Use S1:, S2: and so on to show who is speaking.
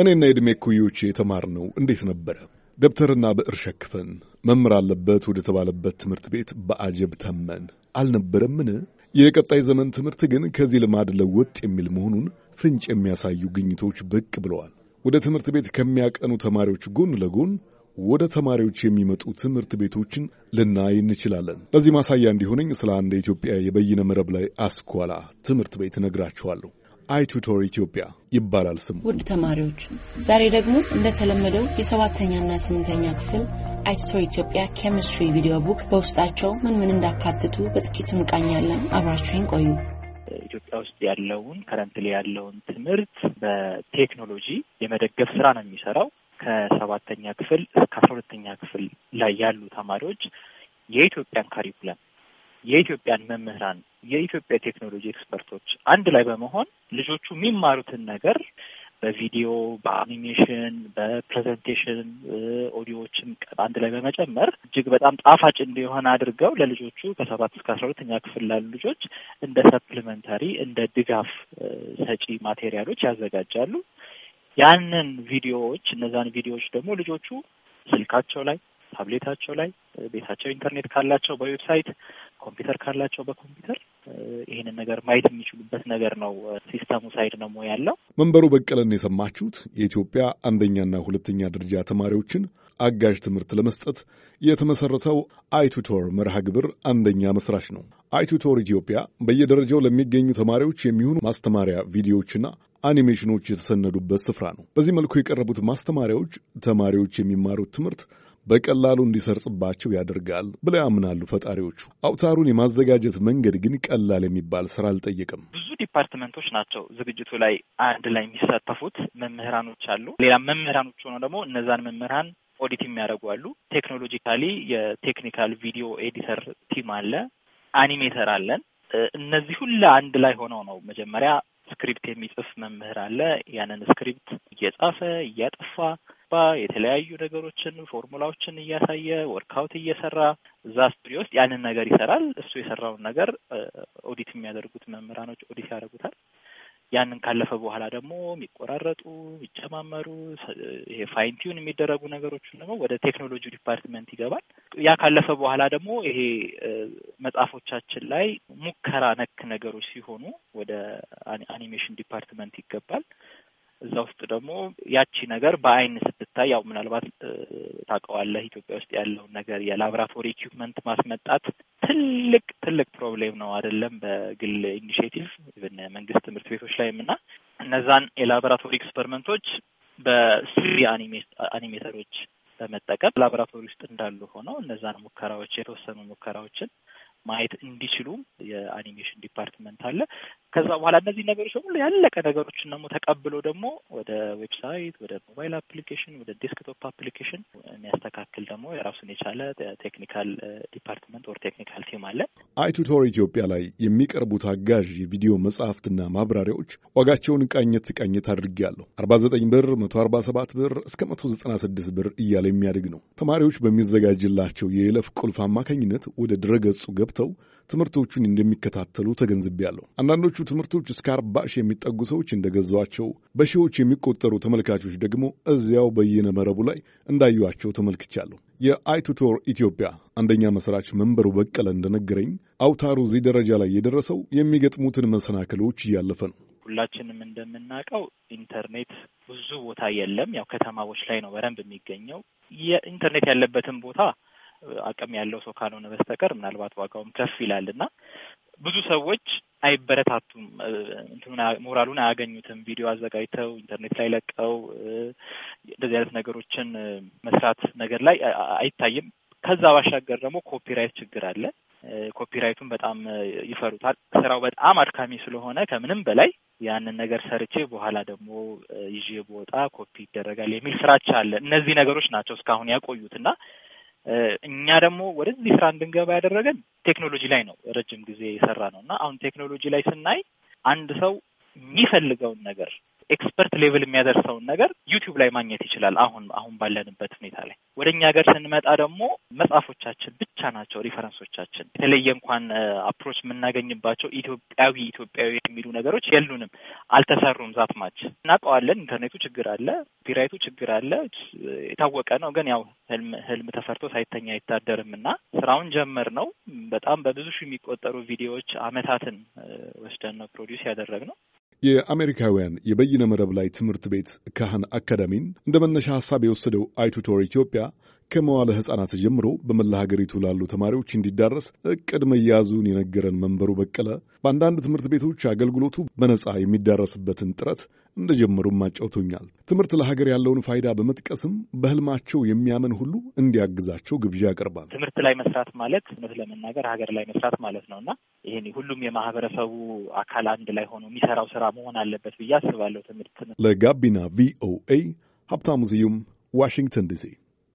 S1: እኔና የዕድሜ እኩዮቼ የተማርነው እንዴት ነበረ? ደብተርና ብዕር ሸክፈን መምህር አለበት ወደ ተባለበት ትምህርት ቤት በአጀብ ተመን አልነበረምን? የቀጣይ ዘመን ትምህርት ግን ከዚህ ልማድ ለወጥ የሚል መሆኑን ፍንጭ የሚያሳዩ ግኝቶች ብቅ ብለዋል። ወደ ትምህርት ቤት ከሚያቀኑ ተማሪዎች ጎን ለጎን ወደ ተማሪዎች የሚመጡ ትምህርት ቤቶችን ልናይ እንችላለን። ለዚህ ማሳያ እንዲሆነኝ ስለ አንድ የኢትዮጵያ የበይነ መረብ ላይ አስኳላ ትምህርት ቤት እነግራችኋለሁ። አይቱቶር ኢትዮጵያ ይባላል ስሙ። ውድ ተማሪዎች ዛሬ ደግሞ እንደተለመደው የሰባተኛና ስምንተኛ ክፍል አይቱቶር ኢትዮጵያ ኬሚስትሪ ቪዲዮ ቡክ በውስጣቸው ምን ምን እንዳካትቱ በጥቂቱ እንቃኛለን። አብራችሁን ቆዩ።
S2: ኢትዮጵያ ውስጥ ያለውን ላይ ያለውን ትምህርት በቴክኖሎጂ የመደገፍ ስራ ነው የሚሰራው። ከሰባተኛ ክፍል እስከ አስራ ሁለተኛ ክፍል ላይ ያሉ ተማሪዎች የኢትዮጵያን ካሪኩለም የኢትዮጵያን መምህራን የኢትዮጵያ ቴክኖሎጂ ኤክስፐርቶች አንድ ላይ በመሆን ልጆቹ የሚማሩትን ነገር በቪዲዮ፣ በአኒሜሽን፣ በፕሬዘንቴሽን ኦዲዮዎችን አንድ ላይ በመጨመር እጅግ በጣም ጣፋጭ እንዲሆን አድርገው ለልጆቹ ከሰባት እስከ አስራ ሁለተኛ ክፍል ላሉ ልጆች እንደ ሰፕሊመንታሪ እንደ ድጋፍ ሰጪ ማቴሪያሎች ያዘጋጃሉ። ያንን ቪዲዮዎች እነዛን ቪዲዮዎች ደግሞ ልጆቹ ስልካቸው ላይ ታብሌታቸው ላይ፣ ቤታቸው ኢንተርኔት ካላቸው በዌብሳይት፣ ኮምፒውተር ካላቸው በኮምፒውተር ይህንን ነገር ማየት የሚችሉበት ነገር ነው። ሲስተሙ ሳይድ ነው
S1: ያለው። መንበሩ በቀለን የሰማችሁት የኢትዮጵያ አንደኛና ሁለተኛ ደረጃ ተማሪዎችን አጋዥ ትምህርት ለመስጠት የተመሰረተው አይቱቶር መርሃ ግብር አንደኛ መስራች ነው። አይቱቶር ኢትዮጵያ በየደረጃው ለሚገኙ ተማሪዎች የሚሆኑ ማስተማሪያ ቪዲዮዎችና አኒሜሽኖች የተሰነዱበት ስፍራ ነው። በዚህ መልኩ የቀረቡት ማስተማሪያዎች ተማሪዎች የሚማሩት ትምህርት በቀላሉ እንዲሰርጽባቸው ያደርጋል ብለው ያምናሉ ፈጣሪዎቹ። አውታሩን የማዘጋጀት መንገድ ግን ቀላል የሚባል ስራ አልጠየቅም።
S2: ብዙ ዲፓርትመንቶች ናቸው ዝግጅቱ ላይ አንድ ላይ የሚሳተፉት። መምህራኖች አሉ። ሌላ መምህራኖች ሆነው ደግሞ እነዛን መምህራን ኦዲት የሚያደርጉ አሉ። ቴክኖሎጂካሊ የቴክኒካል ቪዲዮ ኤዲተር ቲም አለ፣ አኒሜተር አለን። እነዚህ ሁለ አንድ ላይ ሆነው ነው መጀመሪያ ስክሪፕት የሚጽፍ መምህር አለ። ያንን ስክሪፕት እየጻፈ እያጠፋ እየገባ የተለያዩ ነገሮችን ፎርሙላዎችን እያሳየ ወርክአውት እየሰራ እዛ ስቱዲዮ ውስጥ ያንን ነገር ይሰራል። እሱ የሰራውን ነገር ኦዲት የሚያደርጉት መምህራኖች ኦዲት ያደርጉታል። ያንን ካለፈ በኋላ ደግሞ የሚቆራረጡ የሚጨማመሩ ይሄ ፋይን የሚደረጉ ነገሮችን ደግሞ ወደ ቴክኖሎጂ ዲፓርትመንት ይገባል። ያ ካለፈ በኋላ ደግሞ ይሄ መጽሐፎቻችን ላይ ሙከራ ነክ ነገሮች ሲሆኑ ወደ አኒሜሽን ዲፓርትመንት ይገባል። እዛ ውስጥ ደግሞ ያቺ ነገር በአይን ስትታይ ያው ምናልባት ታውቀዋለህ ኢትዮጵያ ውስጥ ያለውን ነገር የላብራቶሪ ኢኩፕመንት ማስመጣት ትልቅ ትልቅ ፕሮብሌም ነው አይደለም? በግል ኢኒሽቲቭ መንግስት ትምህርት ቤቶች ላይም እና እነዛን የላብራቶሪ ኤክስፐሪመንቶች በስሪ አኒሜተሮች በመጠቀም ላብራቶሪ ውስጥ እንዳሉ ሆነው እነዛን ሙከራዎች የተወሰኑ ሙከራዎችን ማየት እንዲችሉ የአኒሜሽን ዲፓርትመንት አለ። ከዛ በኋላ እነዚህ ነገሮች በሙሉ ያለቀ ነገሮችን ደግሞ ተቀብሎ ደግሞ ወደ ዌብሳይት፣ ወደ ሞባይል አፕሊኬሽን፣ ወደ ዴስክቶፕ አፕሊኬሽን የሚያስተካክል ደግሞ የራሱን የቻለ ቴክኒካል ዲፓርትመንት ወር ቴክኒካል ቲም አለ።
S1: አይቱቶር ኢትዮጵያ ላይ የሚቀርቡት አጋዥ የቪዲዮ መጽሐፍትና ማብራሪያዎች ዋጋቸውን ቃኘት ቃኘት አድርጌያለሁ። አርባ ዘጠኝ ብር፣ መቶ አርባ ሰባት ብር እስከ መቶ ዘጠና ስድስት ብር እያለ የሚያድግ ነው። ተማሪዎች በሚዘጋጅላቸው የይለፍ ቁልፍ አማካኝነት ወደ ድረገጹ ገብተው ትምህርቶቹን እንደሚከታተሉ ተገንዝቤያለሁ። አንዳንዶቹ ከሌሎቹ ትምህርቶች እስከ አርባ ሺህ የሚጠጉ ሰዎች እንደገዟቸው፣ በሺዎች የሚቆጠሩ ተመልካቾች ደግሞ እዚያው በየነ መረቡ ላይ እንዳዩቸው ተመልክቻለሁ። የአይቱቶር ኢትዮጵያ አንደኛ መስራች መንበሩ በቀለ እንደነገረኝ አውታሩ እዚህ ደረጃ ላይ የደረሰው የሚገጥሙትን መሰናክሎች እያለፈ ነው።
S2: ሁላችንም እንደምናውቀው ኢንተርኔት ብዙ ቦታ የለም። ያው ከተማዎች ላይ ነው በደንብ የሚገኘው። የኢንተርኔት ያለበትን ቦታ አቅም ያለው ሰው ካልሆነ በስተቀር ምናልባት ዋጋውም ከፍ ይላል እና ብዙ ሰዎች አይበረታቱም። ሞራሉን አያገኙትም። ቪዲዮ አዘጋጅተው ኢንተርኔት ላይ ለቀው እንደዚህ አይነት ነገሮችን መስራት ነገር ላይ አይታይም። ከዛ ባሻገር ደግሞ ኮፒራይት ችግር አለ። ኮፒራይቱን በጣም ይፈሩታል። ስራው በጣም አድካሚ ስለሆነ ከምንም በላይ ያንን ነገር ሰርቼ በኋላ ደግሞ ይዤ በወጣ ኮፒ ይደረጋል የሚል ፍራቻ አለ። እነዚህ ነገሮች ናቸው እስካሁን ያቆዩት እና እኛ ደግሞ ወደዚህ ስራ እንድንገባ ያደረገን ቴክኖሎጂ ላይ ነው ረጅም ጊዜ የሰራ ነው እና አሁን ቴክኖሎጂ ላይ ስናይ አንድ ሰው የሚፈልገውን ነገር ኤክስፐርት ሌቭል የሚያደርሰውን ነገር ዩቲዩብ ላይ ማግኘት ይችላል። አሁን አሁን ባለንበት ሁኔታ ላይ ወደ እኛ ሀገር ስንመጣ ደግሞ መጽሐፎቻችን ብቻ ናቸው ሪፈረንሶቻችን። የተለየ እንኳን አፕሮች የምናገኝባቸው ኢትዮጵያዊ ኢትዮጵያዊ የሚሉ ነገሮች የሉንም፣ አልተሰሩም። ዛት ማች እናውቀዋለን። ኢንተርኔቱ ችግር አለ፣ ፒራይቱ ችግር አለ፣ የታወቀ ነው። ግን ያው ህልም ህልም ተፈርቶ ሳይተኛ አይታደርም እና ስራውን ጀመር ነው። በጣም በብዙ ሺህ የሚቆጠሩ ቪዲዮዎች አመታትን ወስደን ነው ፕሮዲውስ ያደረግ ነው።
S1: የአሜሪካውያን የበይነ መረብ ላይ ትምህርት ቤት ካህን አካዳሚን እንደ መነሻ ሀሳብ የወሰደው አይቱቶር ኢትዮጵያ ከመዋለ ሕፃናት ጀምሮ በመላ ሀገሪቱ ላሉ ተማሪዎች እንዲዳረስ እቅድ መያዙን የነገረን መንበሩ በቀለ በአንዳንድ ትምህርት ቤቶች አገልግሎቱ በነጻ የሚዳረስበትን ጥረት እንደጀመሩም አጫውቶኛል። ትምህርት ለሀገር ያለውን ፋይዳ በመጥቀስም በህልማቸው የሚያምን ሁሉ እንዲያግዛቸው ግብዣ ያቀርባል።
S2: ትምህርት ላይ መስራት ማለት እውነት ለመናገር ሀገር ላይ መስራት ማለት ነው እና ይህን ሁሉም የማህበረሰቡ አካል አንድ ላይ ሆኖ የሚሰራው ስራ መሆን አለበት ብዬ
S1: አስባለሁ። ትምህርት ለጋቢና ቪኦኤ ሀብታሙ ስዩም ዋሽንግተን ዲሲ